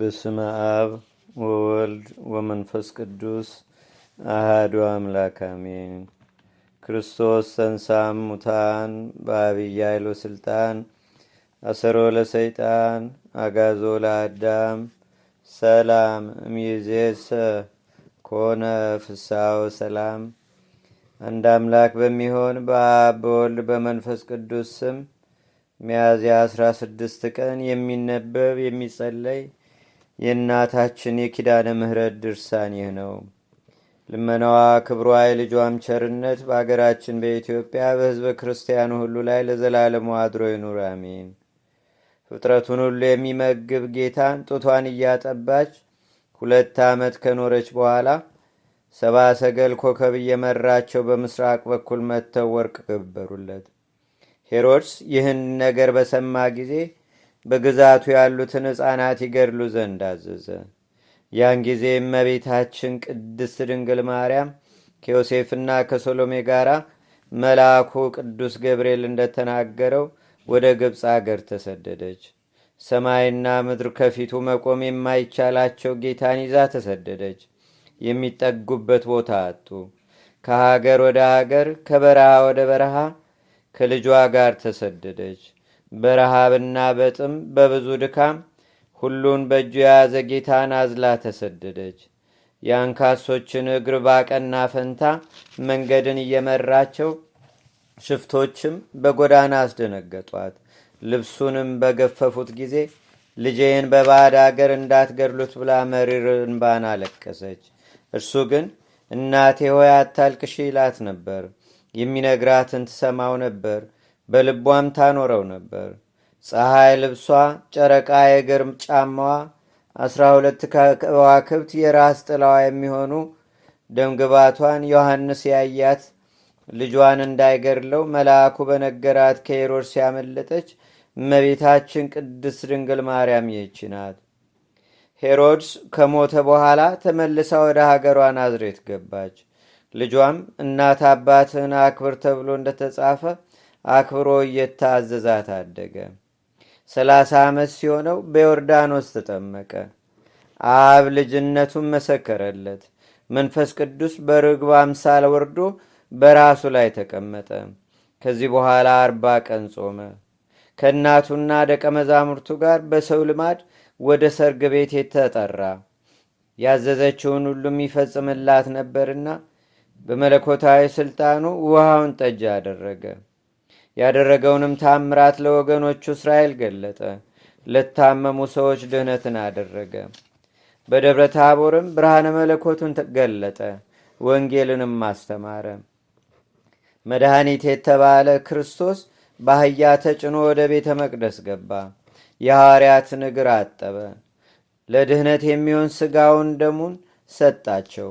በስመ አብ ወወልድ ወመንፈስ ቅዱስ አህዱ አምላክ አሜን። ክርስቶስ ተንሳም ሙታን በአብይ ኃይሎ ስልጣን አሰሮ ለሰይጣን አጋዞ ለአዳም ሰላም እምይእዜሰ ኮነ ፍስሐ ሰላም። አንድ አምላክ በሚሆን በአብ በወልድ በመንፈስ ቅዱስ ስም ሚያዝያ 16 ቀን የሚነበብ የሚጸለይ የእናታችን የኪዳነ ምህረት ድርሳን ይህ ነው። ልመናዋ ክብሯ፣ የልጇም ቸርነት በአገራችን በኢትዮጵያ በሕዝበ ክርስቲያኑ ሁሉ ላይ ለዘላለሙ አድሮ ይኑር፣ አሜን። ፍጥረቱን ሁሉ የሚመግብ ጌታን ጡቷን እያጠባች ሁለት ዓመት ከኖረች በኋላ ሰባ ሰገል ኮከብ እየመራቸው በምስራቅ በኩል መጥተው ወርቅ ገበሩለት። ሄሮድስ ይህን ነገር በሰማ ጊዜ በግዛቱ ያሉትን ሕፃናት ይገድሉ ዘንድ አዘዘ። ያን ጊዜ እመቤታችን ቅድስት ድንግል ማርያም ከዮሴፍና ከሶሎሜ ጋር መልአኩ ቅዱስ ገብርኤል እንደተናገረው ወደ ግብፅ አገር ተሰደደች። ሰማይና ምድር ከፊቱ መቆም የማይቻላቸው ጌታን ይዛ ተሰደደች። የሚጠጉበት ቦታ አጡ። ከሀገር ወደ ሀገር፣ ከበረሃ ወደ በረሃ ከልጇ ጋር ተሰደደች። በረሃብና በጥም በብዙ ድካም ሁሉን በእጁ የያዘ ጌታን አዝላ ተሰደደች። የአንካሶችን እግር ባቀና ፈንታ መንገድን እየመራቸው ሽፍቶችም በጎዳና አስደነገጧት። ልብሱንም በገፈፉት ጊዜ ልጄን በባዕድ አገር እንዳትገድሉት ብላ መሪር እንባን አለቀሰች። እርሱ ግን እናቴ ሆይ አታልቅሽ ይላት ነበር። የሚነግራትን ትሰማው ነበር። በልቧም ታኖረው ነበር። ፀሐይ ልብሷ፣ ጨረቃ የእግር ጫማዋ፣ አስራ ሁለት ከዋክብት የራስ ጥላዋ የሚሆኑ ደምግባቷን ዮሐንስ ያያት ልጇን እንዳይገድለው መልአኩ በነገራት ከሄሮድስ ያመለጠች እመቤታችን ቅድስት ድንግል ማርያም ይህች ናት። ሄሮድስ ከሞተ በኋላ ተመልሳ ወደ ሀገሯ ናዝሬት ገባች። ልጇም እናት አባትህን አክብር ተብሎ እንደተጻፈ አክብሮ እየታዘዛት አደገ። ሰላሳ ዓመት ሲሆነው በዮርዳኖስ ተጠመቀ። አብ ልጅነቱን መሰከረለት። መንፈስ ቅዱስ በርግብ አምሳል ወርዶ በራሱ ላይ ተቀመጠ። ከዚህ በኋላ አርባ ቀን ጾመ። ከእናቱና ደቀ መዛሙርቱ ጋር በሰው ልማድ ወደ ሰርግ ቤት የተጠራ ያዘዘችውን ሁሉም ይፈጽምላት ነበርና በመለኮታዊ ስልጣኑ ውሃውን ጠጅ አደረገ። ያደረገውንም ታምራት ለወገኖቹ እስራኤል ገለጠ። ለታመሙ ሰዎች ድህነትን አደረገ። በደብረ ታቦርም ብርሃነ መለኮቱን ገለጠ። ወንጌልንም አስተማረ። መድኃኒት የተባለ ክርስቶስ በአህያ ተጭኖ ወደ ቤተ መቅደስ ገባ። የሐዋርያት እግር አጠበ። ለድህነት የሚሆን ስጋውን ደሙን ሰጣቸው።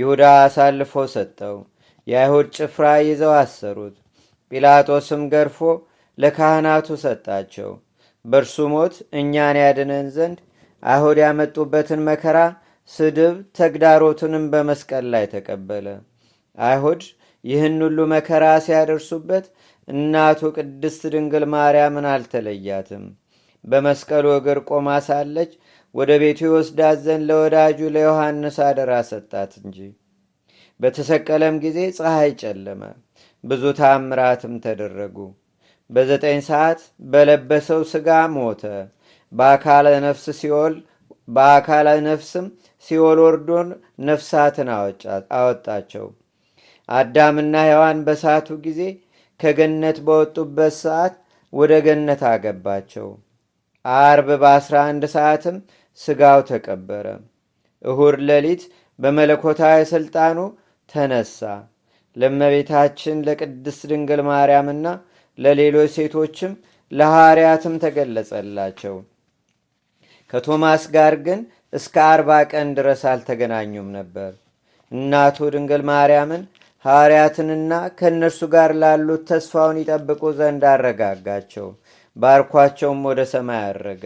ይሁዳ አሳልፎ ሰጠው። የአይሁድ ጭፍራ ይዘው አሰሩት። ጲላጦስም ገርፎ ለካህናቱ ሰጣቸው። በእርሱ ሞት እኛን ያድነን ዘንድ አይሁድ ያመጡበትን መከራ፣ ስድብ፣ ተግዳሮትንም በመስቀል ላይ ተቀበለ። አይሁድ ይህን ሁሉ መከራ ሲያደርሱበት እናቱ ቅድስት ድንግል ማርያምን አልተለያትም። በመስቀሉ እግር ቆማ ሳለች ወደ ቤቱ ይወስዳት ዘንድ ለወዳጁ ለዮሐንስ አደራ ሰጣት እንጂ። በተሰቀለም ጊዜ ፀሐይ ጨለመ። ብዙ ታምራትም ተደረጉ። በዘጠኝ ሰዓት በለበሰው ስጋ ሞተ። በአካለ ነፍስ ሲወል በአካለ ነፍስም ሲወል ወርዶን ነፍሳትን አወጣቸው። አዳምና ሔዋን በሳቱ ጊዜ ከገነት በወጡበት ሰዓት ወደ ገነት አገባቸው። አርብ በአስራ አንድ ሰዓትም ስጋው ተቀበረ። እሁድ ሌሊት በመለኮታዊ ሥልጣኑ ተነሳ። ለመቤታችን ለቅድስት ድንግል ማርያምና ለሌሎች ሴቶችም ለሐዋርያትም ተገለጸላቸው። ከቶማስ ጋር ግን እስከ አርባ ቀን ድረስ አልተገናኙም ነበር። እናቱ ድንግል ማርያምን ሐዋርያትንና ከእነርሱ ጋር ላሉት ተስፋውን ይጠብቁ ዘንድ አረጋጋቸው። ባርኳቸውም ወደ ሰማይ አረገ።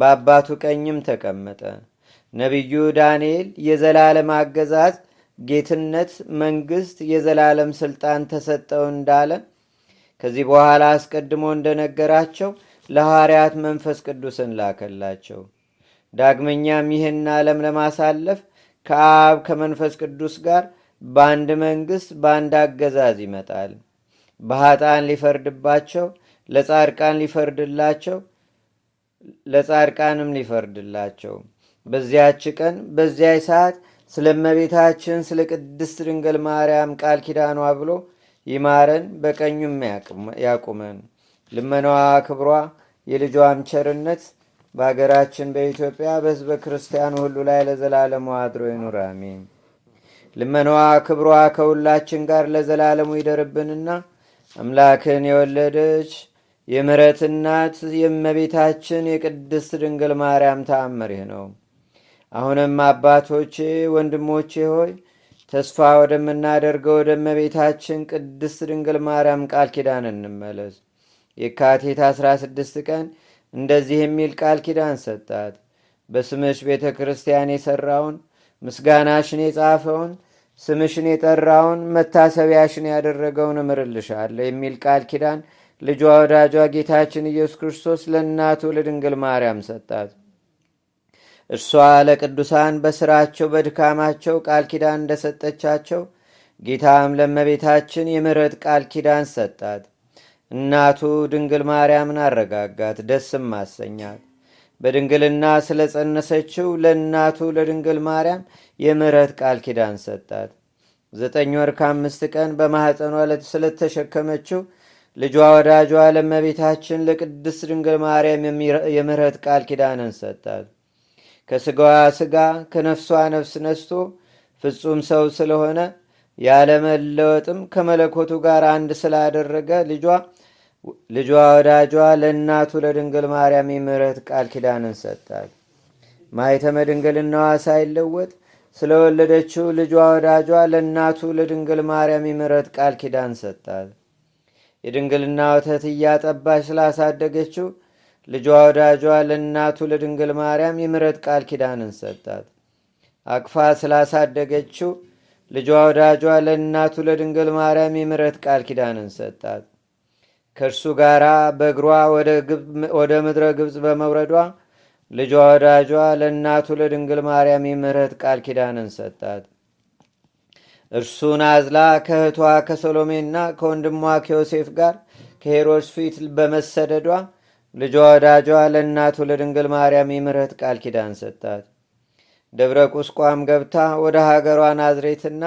በአባቱ ቀኝም ተቀመጠ። ነቢዩ ዳንኤል የዘላለም አገዛዝ ጌትነት፣ መንግስት፣ የዘላለም ስልጣን ተሰጠው እንዳለ ከዚህ በኋላ አስቀድሞ እንደነገራቸው ለሐዋርያት መንፈስ ቅዱስን ላከላቸው። ዳግመኛም ይህን ዓለም ለማሳለፍ ከአብ ከመንፈስ ቅዱስ ጋር በአንድ መንግሥት በአንድ አገዛዝ ይመጣል። በሀጣን ሊፈርድባቸው፣ ለጻድቃን ሊፈርድላቸው፣ ለጻድቃንም ሊፈርድላቸው። በዚያች ቀን በዚያች ሰዓት ስለ እመቤታችን ስለ ቅድስት ድንግል ማርያም ቃል ኪዳኗ ብሎ ይማረን፣ በቀኙም ያቁመን። ልመናዋ ክብሯ፣ የልጇም ቸርነት በሀገራችን በኢትዮጵያ በሕዝበ ክርስቲያኑ ሁሉ ላይ ለዘላለሙ አድሮ ይኑር፣ አሜን። ልመናዋ ክብሯ ከሁላችን ጋር ለዘላለሙ ይደርብንና አምላክን የወለደች የምሕረት እናት የእመቤታችን የቅድስት ድንግል ማርያም ተአምር ይህ ነው። አሁንም አባቶቼ ወንድሞቼ ሆይ ተስፋ ወደምናደርገው ወደ እመቤታችን ቅድስት ድንግል ማርያም ቃል ኪዳን እንመለስ። የካቴት 16 ቀን እንደዚህ የሚል ቃል ኪዳን ሰጣት። በስምሽ ቤተ ክርስቲያን የሠራውን ምስጋናሽን የጻፈውን ስምሽን የጠራውን መታሰቢያሽን ያደረገውን እምርልሻለሁ የሚል ቃል ኪዳን ልጇ ወዳጇ ጌታችን ኢየሱስ ክርስቶስ ለእናቱ ለድንግል ማርያም ሰጣት። እርሷ ለቅዱሳን በሥራቸው በድካማቸው ቃል ኪዳን እንደሰጠቻቸው ጌታም ለመቤታችን የምረት ቃል ኪዳን ሰጣት። እናቱ ድንግል ማርያምን አረጋጋት፣ ደስም አሰኛት። በድንግልና ስለ ጸነሰችው ለእናቱ ለድንግል ማርያም የምረት ቃል ኪዳን ሰጣት። ዘጠኝ ወር ከአምስት ቀን በማኅፀኗ ስለተሸከመችው ልጇ ወዳጇ ለመቤታችን ለቅድስት ድንግል ማርያም የምረት ቃል ኪዳንን ሰጣት። ከስጋዋ ስጋ ከነፍሷ ነፍስ ነስቶ ፍጹም ሰው ስለሆነ ያለመለወጥም ከመለኮቱ ጋር አንድ ስላደረገ ልጇ ልጇ ወዳጇ ለእናቱ ለድንግል ማርያም የምረት ቃል ኪዳንን ሰጣል። ማኅተመ ድንግልናዋ ሳይለወጥ ስለወለደችው ልጇ ወዳጇ ለእናቱ ለድንግል ማርያም የምረት ቃል ኪዳን ሰጣል። የድንግልና ወተት እያጠባች ስላሳደገችው ልጇ ወዳጇ ለእናቱ ለድንግል ማርያም የምረት ቃል ኪዳንን ሰጣት። አቅፋ ስላሳደገችው ልጇ ወዳጇ ለእናቱ ለድንግል ማርያም የምረት ቃል ኪዳንን ሰጣት። ከእርሱ ጋር በእግሯ ወደ ምድረ ግብፅ በመውረዷ ልጇ ወዳጇ ለእናቱ ለድንግል ማርያም የምረት ቃል ኪዳንን ሰጣት። እርሱን አዝላ ከእህቷ ከሰሎሜና ከወንድሟ ከዮሴፍ ጋር ከሄሮድስ ፊት በመሰደዷ ልጇ ወዳጇ ለእናቱ ለድንግል ማርያም የምረት ቃል ኪዳን ሰጣት። ደብረ ቁስቋም ገብታ ወደ ሀገሯ ናዝሬትና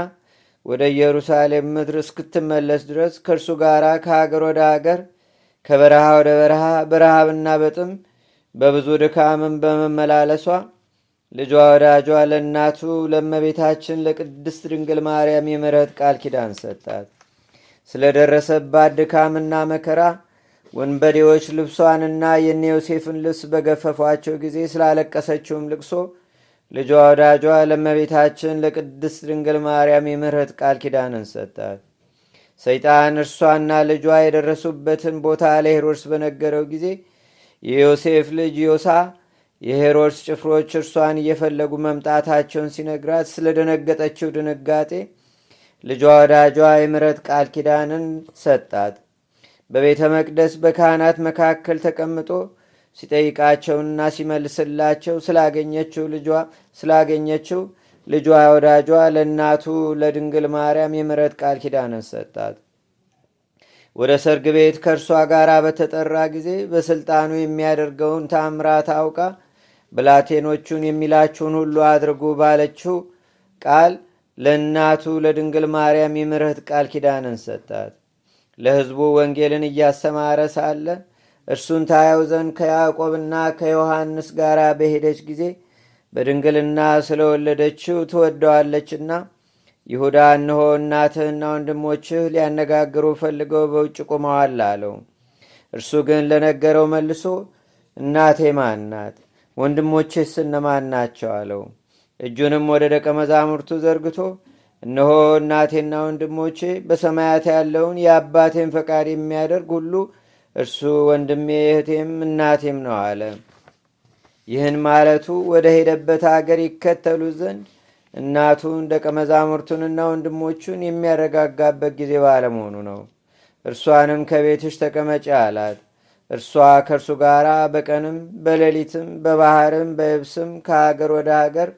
ወደ ኢየሩሳሌም ምድር እስክትመለስ ድረስ ከእርሱ ጋር ከሀገር ወደ ሀገር ከበረሃ ወደ በረሃ በረሃብና በጥም በብዙ ድካምን በመመላለሷ ልጇ ወዳጇ ለእናቱ ለእመቤታችን ለቅድስት ድንግል ማርያም የምረት ቃል ኪዳን ሰጣት። ስለደረሰባት ድካምና መከራ ወንበዴዎች ልብሷንና የነ ዮሴፍን ልብስ በገፈፏቸው ጊዜ ስላለቀሰችውም ልቅሶ ልጇ ወዳጇ ለመቤታችን ለቅድስት ድንግል ማርያም የምረት ቃል ኪዳንን ሰጣት። ሰይጣን እርሷና ልጇ የደረሱበትን ቦታ ለሄሮድስ በነገረው ጊዜ የዮሴፍ ልጅ ዮሳ የሄሮድስ ጭፍሮች እርሷን እየፈለጉ መምጣታቸውን ሲነግራት ስለደነገጠችው ድንጋጤ ልጇ ወዳጇ የምሕረት ቃል ኪዳንን ሰጣት። በቤተ መቅደስ በካህናት መካከል ተቀምጦ ሲጠይቃቸውና ሲመልስላቸው ስላገኘችው ልጇ ስላገኘችው ልጇ ወዳጇ ለእናቱ ለድንግል ማርያም የምረት ቃል ኪዳንን ሰጣት። ወደ ሰርግ ቤት ከእርሷ ጋር በተጠራ ጊዜ በስልጣኑ የሚያደርገውን ታምራት አውቃ ብላቴኖቹን የሚላችሁን ሁሉ አድርጉ ባለችው ቃል ለእናቱ ለድንግል ማርያም የምረት ቃል ኪዳንን ሰጣት። ለሕዝቡ ወንጌልን እያሰማረ ሳለ እርሱን ታየው ዘንድ ከያዕቆብና ከዮሐንስ ጋር በሄደች ጊዜ በድንግልና ስለወለደችው ትወደዋለችና ይሁዳ እንሆ እናትህና ወንድሞችህ ሊያነጋግሩ ፈልገው በውጭ ቆመዋል አለው። እርሱ ግን ለነገረው መልሶ እናቴ ማናት ወንድሞችህ ስነማን ናቸው? አለው። እጁንም ወደ ደቀ መዛሙርቱ ዘርግቶ እነሆ እናቴና ወንድሞቼ በሰማያት ያለውን የአባቴን ፈቃድ የሚያደርግ ሁሉ እርሱ ወንድሜ እህቴም እናቴም ነው አለ። ይህን ማለቱ ወደ ሄደበት አገር ይከተሉ ዘንድ እናቱን ደቀ መዛሙርቱንና ወንድሞቹን የሚያረጋጋበት ጊዜ ባለመሆኑ ነው። እርሷንም ከቤትሽ ተቀመጪ አላት። እርሷ ከእርሱ ጋር በቀንም በሌሊትም በባህርም በየብስም ከሀገር ወደ ሀገር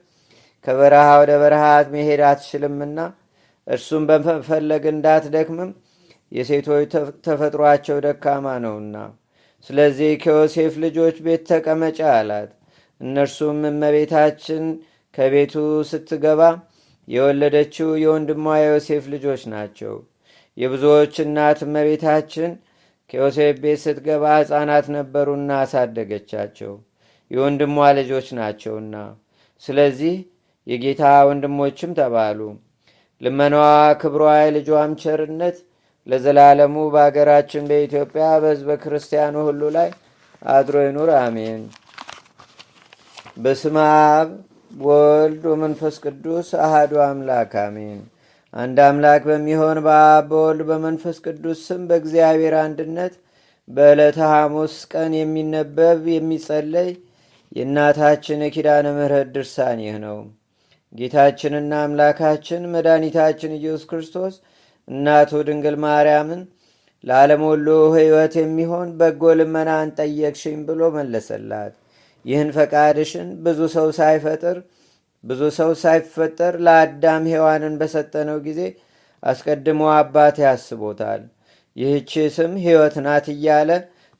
ከበረሃ ወደ በረሃ መሄድ አትችልምና እርሱም በመፈለግ እንዳትደክምም የሴቶች ተፈጥሯቸው ደካማ ነውና፣ ስለዚህ ከዮሴፍ ልጆች ቤት ተቀመጫ አላት። እነርሱም እመቤታችን ከቤቱ ስትገባ የወለደችው የወንድሟ የዮሴፍ ልጆች ናቸው። የብዙዎች እናት እመቤታችን ከዮሴፍ ቤት ስትገባ ሕፃናት ነበሩና አሳደገቻቸው፣ የወንድሟ ልጆች ናቸውና። ስለዚህ የጌታ ወንድሞችም ተባሉ። ልመናዋ፣ ክብሯ፣ የልጇም ቸርነት ለዘላለሙ በአገራችን በኢትዮጵያ በሕዝበ ክርስቲያኑ ሁሉ ላይ አድሮ ይኑር፣ አሜን። በስመ አብ ወልድ ወመንፈስ ቅዱስ አህዱ አምላክ አሜን። አንድ አምላክ በሚሆን በአብ በወልድ በመንፈስ ቅዱስ ስም በእግዚአብሔር አንድነት በዕለተ ሐሙስ ቀን የሚነበብ የሚጸለይ የእናታችን የኪዳነ ምሕረት ድርሳን ይህ ነው። ጌታችንና አምላካችን መድኃኒታችን ኢየሱስ ክርስቶስ እናቱ ድንግል ማርያምን ለዓለም ሁሉ ሕይወት የሚሆን በጎ ልመናን ጠየቅሽኝ ብሎ መለሰላት። ይህን ፈቃድሽን ብዙ ሰው ሳይፈጥር ብዙ ሰው ሳይፈጠር ለአዳም ሔዋንን በሰጠነው ጊዜ አስቀድሞ አባቴ ያስቦታል። ይህቺ ስም ሕይወት ናት እያለ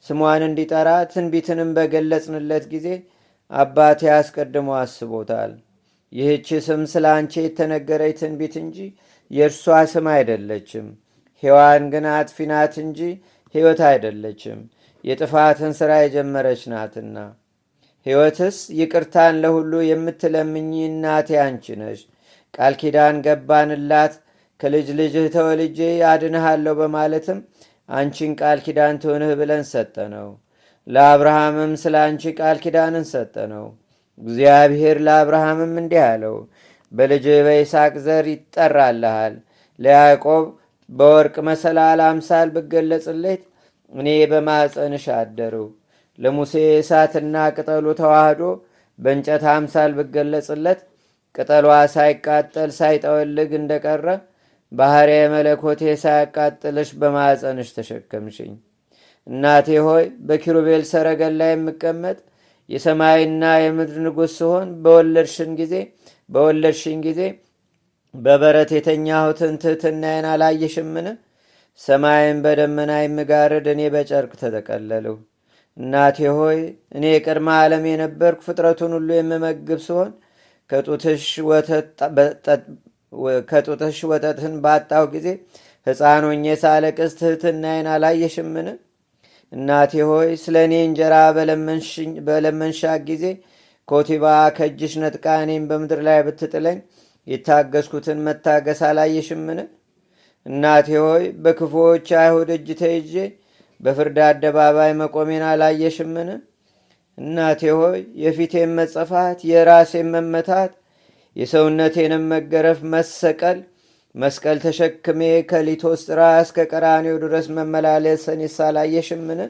ስሟን እንዲጠራ ትንቢትንም በገለጽንለት ጊዜ አባቴ አስቀድሞ አስቦታል። ይህች ስም ስለ አንቺ የተነገረች ትንቢት እንጂ የእርሷ ስም አይደለችም። ሔዋን ግን አጥፊ ናት እንጂ ሕይወት አይደለችም፣ የጥፋትን ሥራ የጀመረች ናትና። ሕይወትስ ይቅርታን ለሁሉ የምትለምኝ እናቴ አንቺ ነሽ። ቃል ኪዳን ገባንላት ከልጅ ልጅህ ተወልጄ አድንሃለሁ በማለትም አንቺን ቃል ኪዳን ትሆንህ ብለን ሰጠ ነው። ለአብርሃምም ስለ አንቺ ቃል ኪዳንን ሰጠ ነው። እግዚአብሔር ለአብርሃምም እንዲህ አለው፣ በልጅ በይስቅ ዘር ይጠራልሃል። ለያዕቆብ በወርቅ መሰላል አምሳል ብገለጽለት እኔ በማኅፀንሽ አደርሁ። ለሙሴ እሳትና ቅጠሉ ተዋህዶ በእንጨት አምሳል ብገለጽለት ቅጠሏ ሳይቃጠል ሳይጠወልግ እንደቀረ ባሕርየ መለኮቴ ሳያቃጥልሽ በማፀንሽ ተሸከምሽኝ። እናቴ ሆይ በኪሩቤል ሰረገላ የምቀመጥ የሰማይና የምድር ንጉሥ ስሆን በወለድሽን ጊዜ በወለድሽን ጊዜ በበረት የተኛሁትን ትሕትናዬን አላየሽምን? ሰማይን በደመና የምጋርድ እኔ በጨርቅ ተጠቀለልሁ። እናቴ ሆይ እኔ የቅድመ ዓለም የነበርኩ ፍጥረቱን ሁሉ የምመግብ ስሆን ከጡትሽ ወተትን ባጣው ጊዜ ሕፃን ሆኜ ሳለቅስ ትሕትናዬን አላየሽምን? እናቴ ሆይ ስለ እኔ እንጀራ በለመንሻ ጊዜ ኮቲባ ከእጅሽ ነጥቃ እኔም በምድር ላይ ብትጥለኝ የታገስኩትን መታገስ አላየሽምን? እናቴ ሆይ በክፉዎች አይሁድ እጅ ተይዤ በፍርድ አደባባይ መቆሜን አላየሽምን? እናቴ ሆይ የፊቴን መጸፋት፣ የራሴን መመታት፣ የሰውነቴንም መገረፍ፣ መሰቀል መስቀል ተሸክሜ ከሊቶስጥራ እስከ ቀራኒው ድረስ መመላለስን ይሳላየሽምን?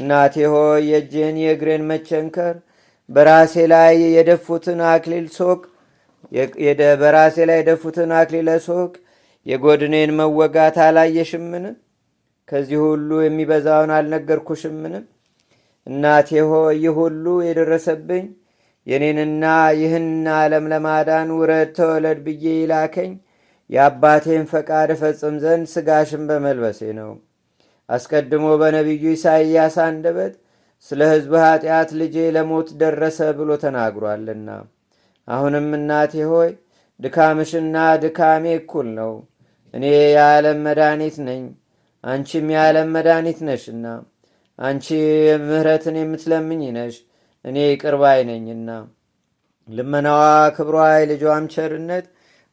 እናቴ ሆይ የእጅን የእግሬን መቸንከር በራሴ ላይ የደፉትን አክሊል ሶቅ በራሴ ላይ የደፉትን አክሊለ ሶቅ የጎድኔን መወጋት አላየሽምን? ከዚህ ሁሉ የሚበዛውን አልነገርኩሽምን? እናቴ ሆይ ይህ ሁሉ የደረሰብኝ የኔንና ይህን ዓለም ለማዳን ውረድ ተወለድ ብዬ ይላከኝ የአባቴን ፈቃድ እፈጽም ዘንድ ስጋሽን በመልበሴ ነው። አስቀድሞ በነቢዩ ኢሳይያስ አንደበት ስለ ሕዝብ ኃጢአት ልጄ ለሞት ደረሰ ብሎ ተናግሯልና፣ አሁንም እናቴ ሆይ ድካምሽና ድካሜ እኩል ነው። እኔ የዓለም መድኃኒት ነኝ፣ አንቺም የዓለም መድኃኒት ነሽና፣ አንቺ ምሕረትን የምትለምኝ ነሽ፣ እኔ ቅርባይ ነኝና ልመናዋ ክብሯ፣ የልጇም ቸርነት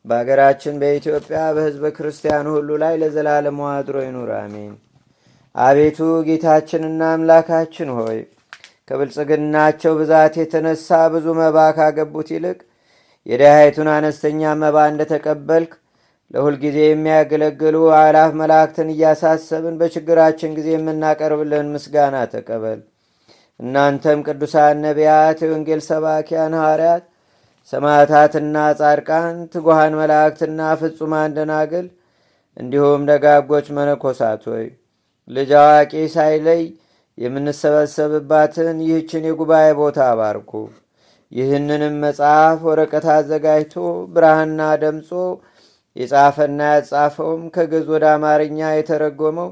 በአገራችን በኢትዮጵያ በሕዝበ ክርስቲያኑ ሁሉ ላይ ለዘላለም አድሮ ይኑር፣ አሜን። አቤቱ ጌታችንና አምላካችን ሆይ ከብልጽግናቸው ብዛት የተነሳ ብዙ መባ ካገቡት ይልቅ የድሃይቱን አነስተኛ መባ እንደተቀበልክ ለሁልጊዜ የሚያገለግሉ አላፍ መላእክትን እያሳሰብን በችግራችን ጊዜ የምናቀርብልህን ምስጋና ተቀበል። እናንተም ቅዱሳን ነቢያት፣ የወንጌል ሰባኪያን ሐዋርያት ሰማዕታትና ጻድቃን፣ ትጉሃን መላእክትና ፍጹማን ደናግል እንዲሁም ደጋጎች መነኮሳት ሆይ ልጅ አዋቂ ሳይለይ የምንሰበሰብባትን ይህችን የጉባኤ ቦታ አባርኩ። ይህንንም መጽሐፍ ወረቀት አዘጋጅቶ ብርሃና ደምጾ የጻፈና ያጻፈውም ከግዕዝ ወደ አማርኛ የተረጎመው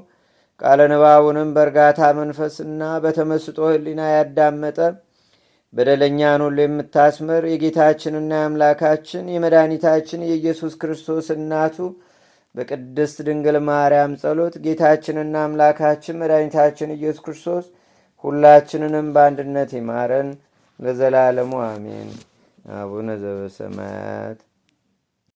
ቃለ ንባቡንም በእርጋታ መንፈስና በተመስጦ ህሊና ያዳመጠ በደለኛን ሁሉ የምታስምር የጌታችንና የአምላካችን የመድኃኒታችን የኢየሱስ ክርስቶስ እናቱ በቅድስት ድንግል ማርያም ጸሎት ጌታችንና አምላካችን መድኃኒታችን ኢየሱስ ክርስቶስ ሁላችንንም በአንድነት ይማረን ለዘላለሙ አሜን። አቡነ ዘበሰማያት